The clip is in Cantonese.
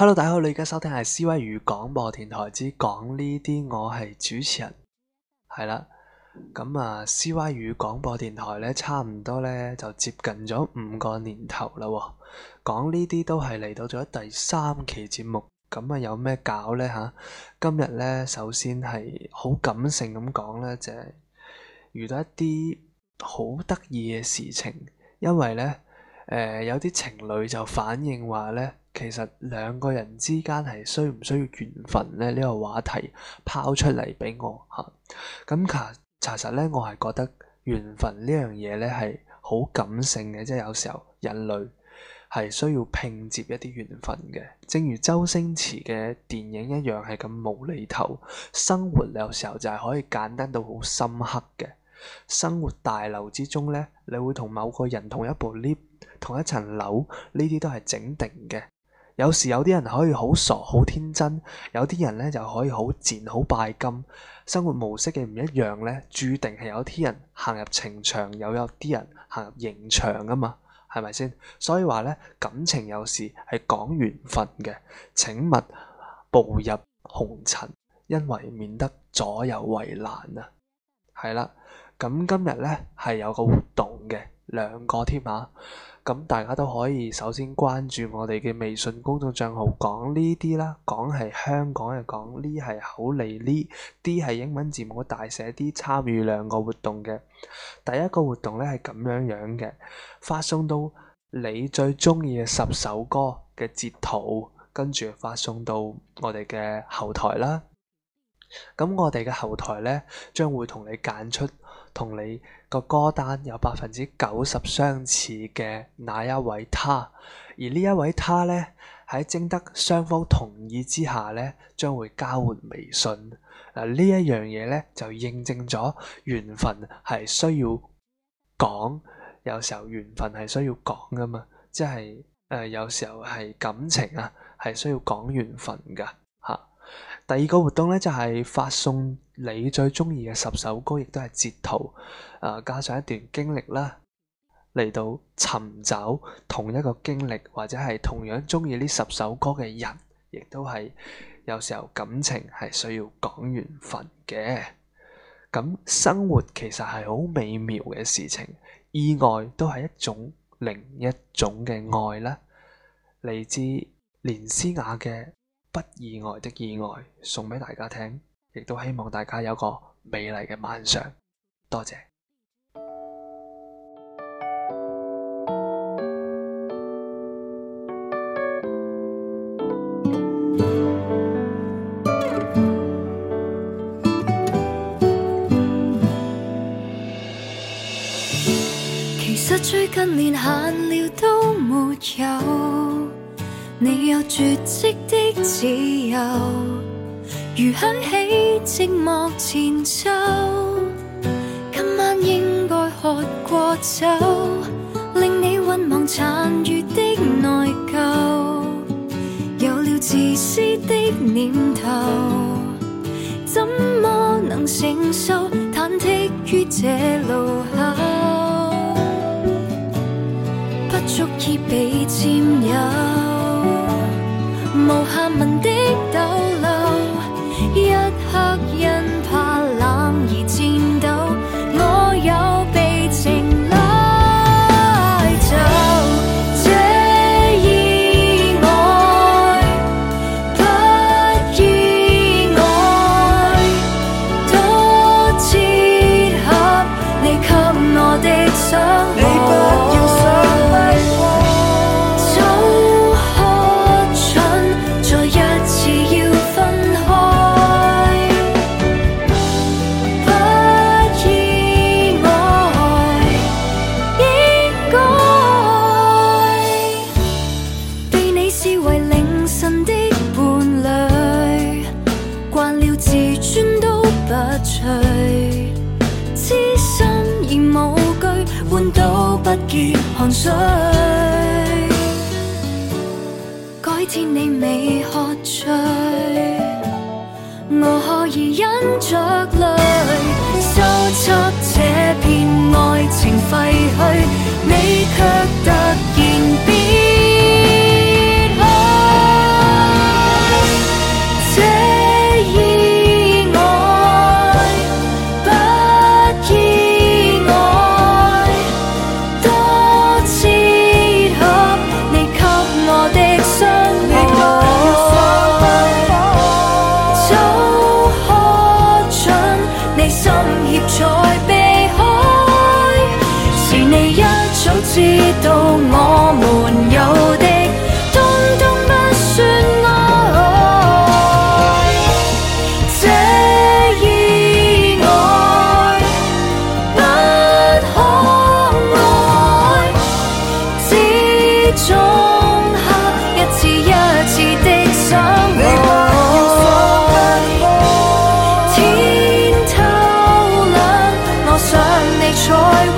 hello，大家好，你而家收聽係 C Y 語廣播電台之講呢啲，我係主持人，係啦，咁啊 C Y 語廣播電台咧，差唔多咧就接近咗五個年頭啦，講呢啲都係嚟到咗第三期節目，咁啊有咩搞咧吓？今日咧首先係好感性咁講咧，就係遇到一啲好得意嘅事情，因為咧誒有啲情侶就反映話咧。其實兩個人之間係需唔需要緣分咧？呢個話題拋出嚟畀我嚇。咁、嗯、其實咧，其實我係覺得緣分呢樣嘢咧係好感性嘅，即係有時候人類係需要拼接一啲緣分嘅。正如周星馳嘅電影一樣，係咁無厘頭。生活有時候就係可以簡單到好深刻嘅。生活大樓之中咧，你會同某個人同一部 lift、同一層樓，呢啲都係整定嘅。有時有啲人可以好傻好天真，有啲人咧就可以好賤好拜金，生活模式嘅唔一樣咧，注定係有啲人行入情場，又有啲人行入刑場啊嘛，係咪先？所以話咧，感情有時係講緣分嘅，請勿步入紅塵，因為免得左右為難啊。係啦，咁今日咧係有個活動嘅，兩個添啊。咁大家都可以首先關注我哋嘅微信公眾帳號，講呢啲啦，講係香港嘅，講呢係口嚟呢啲係英文字母大寫啲參與兩個活動嘅。第一個活動咧係咁樣樣嘅，發送到你最鍾意嘅十首歌嘅截圖，跟住發送到我哋嘅後台啦。咁我哋嘅後台咧將會同你揀出。同你個歌單有百分之九十相似嘅那一位他，而呢一位他咧喺徵得雙方同意之下咧，將會交換微信。嗱、啊，呢一樣嘢咧就印證咗緣分係需要講，有時候緣分係需要講㗎嘛，即係誒、呃、有時候係感情啊，係需要講緣分㗎吓、啊。第二個活動咧就係、是、發送。你最鍾意嘅十首歌，亦都係截圖，呃，加上一段經歷啦，嚟到尋找同一個經歷，或者係同樣鍾意呢十首歌嘅人，亦都係有時候感情係需要講緣分嘅。咁生活其實係好美妙嘅事情，意外都係一種另一種嘅愛啦。嚟自連詩雅嘅《不意外的意外》，送俾大家聽。亦都希望大家有個美麗嘅晚上。多謝。其實最近連閒聊都沒有，你有絕跡的自由。如響起寂寞前奏，今晚應該喝過酒，令你渾忘殘餘的內疚，有了自私的念頭，怎麼能承受？忐忑於這路口，不足以被佔有，無下文的抖。不見寒水，改天你未喝醉，我可以忍着淚？做錯。一次一次的傷害，天透亮，我想你才。